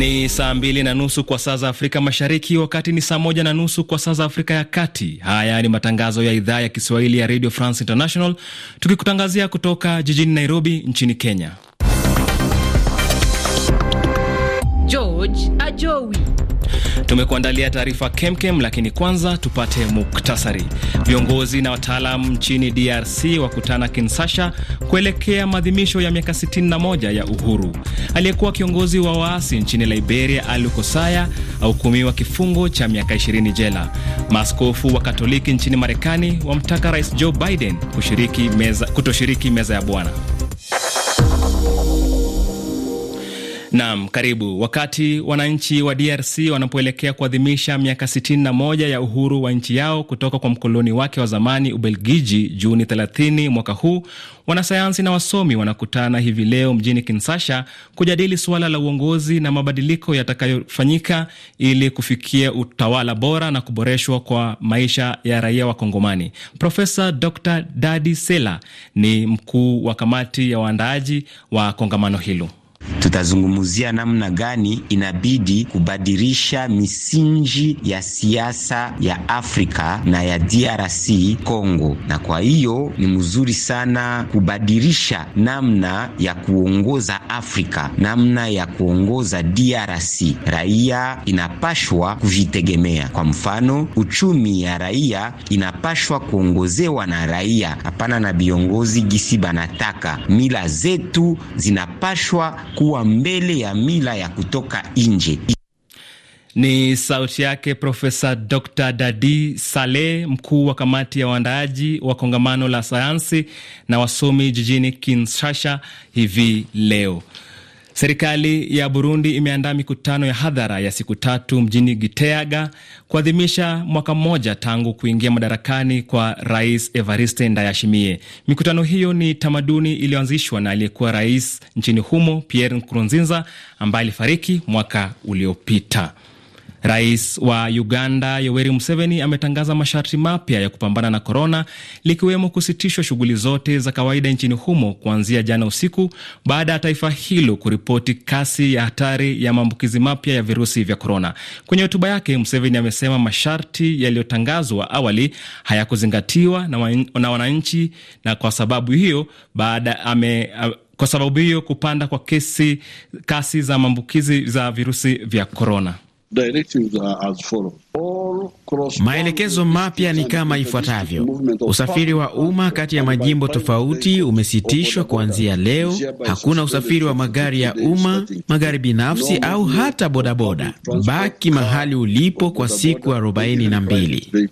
Ni saa mbili na nusu kwa saa za Afrika Mashariki, wakati ni saa moja na nusu kwa saa za Afrika ya Kati. Haya ni matangazo ya idhaa ya Kiswahili ya Radio France International, tukikutangazia kutoka jijini Nairobi nchini Kenya. George Ajowi Tumekuandalia taarifa kemkem, lakini kwanza tupate muktasari. Viongozi na wataalam nchini DRC wakutana Kinshasa kuelekea maadhimisho ya miaka 61 ya uhuru. Aliyekuwa kiongozi wa waasi nchini Liberia Alu Kosaya ahukumiwa kifungo cha miaka 20 jela. Maaskofu wa Katoliki nchini Marekani wamtaka Rais Joe Biden kushiriki meza, kutoshiriki meza ya Bwana. Naam, karibu. Wakati wananchi wa DRC wanapoelekea kuadhimisha miaka 61 ya uhuru wa nchi yao kutoka kwa mkoloni wake wa zamani Ubelgiji Juni 30 mwaka huu, wanasayansi na wasomi wanakutana hivi leo mjini Kinshasa kujadili suala la uongozi na mabadiliko yatakayofanyika ili kufikia utawala bora na kuboreshwa kwa maisha ya raia wa Kongomani. Profesa Dr Dadi Sela ni mkuu wa kamati ya waandaaji wa kongamano hilo tutazungumzia namna gani inabidi kubadilisha misingi ya siasa ya Afrika na ya DRC Congo, na kwa hiyo ni mzuri sana kubadilisha namna ya kuongoza Afrika, namna ya kuongoza DRC. Raia inapashwa kujitegemea. Kwa mfano, uchumi ya raia inapashwa kuongozewa na raia, hapana na viongozi gisi banataka. Mila zetu zinapashwa kuwa mbele ya mila ya kutoka nje. Ni sauti yake Profesa Dr Dadi Saleh, mkuu wa kamati ya waandaaji wa kongamano la sayansi na wasomi jijini Kinshasa hivi leo. Serikali ya Burundi imeandaa mikutano ya hadhara ya siku tatu mjini Giteaga kuadhimisha mwaka mmoja tangu kuingia madarakani kwa Rais Evariste ndayashimie Mikutano hiyo ni tamaduni iliyoanzishwa na aliyekuwa rais nchini humo Pierre Nkurunziza ambaye alifariki mwaka uliopita. Rais wa Uganda Yoweri Museveni ametangaza masharti mapya ya kupambana na korona, likiwemo kusitishwa shughuli zote za kawaida nchini humo kuanzia jana usiku baada ya taifa hilo kuripoti kasi ya hatari ya maambukizi mapya ya virusi vya korona. Kwenye hotuba yake, Museveni amesema masharti yaliyotangazwa awali hayakuzingatiwa na wananchi, na kwa sababu hiyo baada ame kwa sababu hiyo kupanda kwa kesi kasi za maambukizi za virusi vya korona Maelekezo mapya ni kama ifuatavyo: usafiri wa umma kati ya majimbo tofauti umesitishwa kuanzia leo. Hakuna usafiri wa magari ya umma, magari binafsi au hata bodaboda. Baki mahali ulipo kwa siku arobaini na mbili.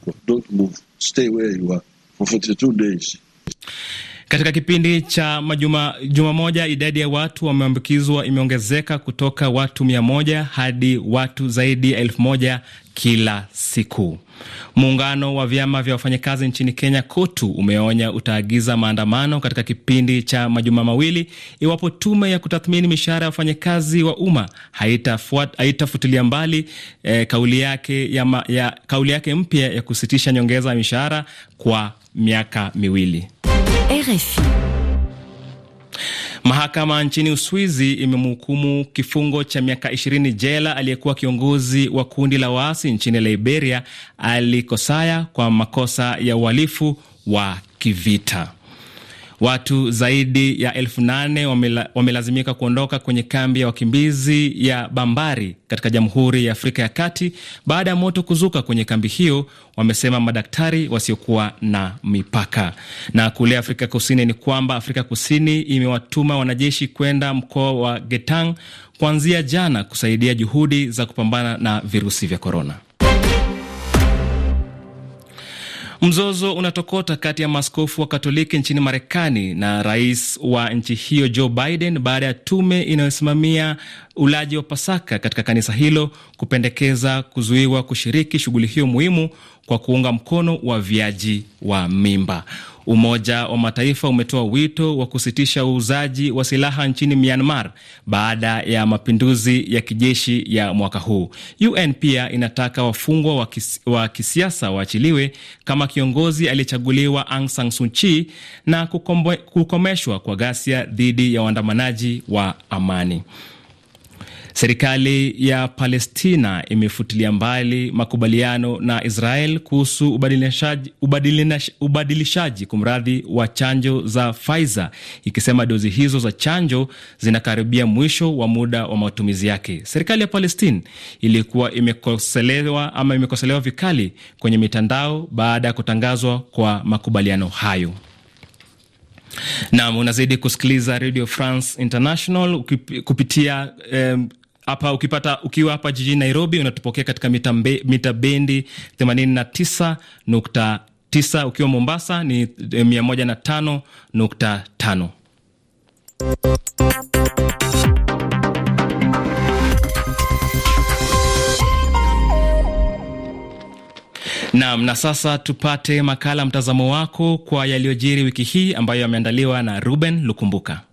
Katika kipindi cha majuma juma moja, idadi ya watu wameambukizwa imeongezeka kutoka watu mia moja hadi watu zaidi ya elfu moja kila siku. Muungano wa vyama vya wafanyakazi nchini Kenya, KOTU, umeonya utaagiza maandamano katika kipindi cha majuma mawili iwapo tume ya kutathmini mishahara ya wafanyakazi wa umma haitafutilia mbali eh, kauli yake ya, ya, kauli yake mpya ya kusitisha nyongeza ya mishahara kwa miaka miwili. RFI. Mahakama nchini Uswizi imemhukumu kifungo cha miaka 20 jela aliyekuwa kiongozi wa kundi la waasi nchini Liberia, Ali Kosaya, kwa makosa ya uhalifu wa kivita. Watu zaidi ya elfu nane wamela, wamelazimika kuondoka kwenye kambi ya wakimbizi ya Bambari katika Jamhuri ya Afrika ya Kati baada ya moto kuzuka kwenye kambi hiyo, wamesema madaktari wasiokuwa na mipaka. Na kule Afrika Kusini ni kwamba Afrika Kusini imewatuma wanajeshi kwenda mkoa wa Gauteng kuanzia jana kusaidia juhudi za kupambana na virusi vya korona. Mzozo unatokota kati ya maskofu wa Katoliki nchini Marekani na rais wa nchi hiyo Joe Biden baada ya tume inayosimamia ulaji wa Pasaka katika kanisa hilo kupendekeza kuzuiwa kushiriki shughuli hiyo muhimu kwa kuunga mkono waviaji wa mimba. Umoja wa Mataifa umetoa wito wa kusitisha uuzaji wa silaha nchini Myanmar baada ya mapinduzi ya kijeshi ya mwaka huu. UN pia inataka wafungwa wa, kis, wa kisiasa waachiliwe kama kiongozi aliyechaguliwa Aung San Suu Kyi na kukomeshwa kwa ghasia dhidi ya waandamanaji wa amani. Serikali ya Palestina imefutilia mbali makubaliano na Israel kuhusu ubadilishaji, ubadilishaji kumradhi wa chanjo za Pfizer ikisema dozi hizo za chanjo zinakaribia mwisho wa muda wa matumizi yake. Serikali ya Palestina ilikuwa imekoselewa ama imekoselewa vikali kwenye mitandao baada ya kutangazwa kwa makubaliano hayo. Nam, unazidi kusikiliza Radio France International kupitia um, hapa ukipata ukiwa hapa jijini Nairobi unatupokea katika mita, mbe, mita bendi 89.9 ukiwa Mombasa ni 105.5. Eh, nam na sasa tupate makala mtazamo wako kwa yaliyojiri wiki hii ambayo yameandaliwa na Ruben Lukumbuka.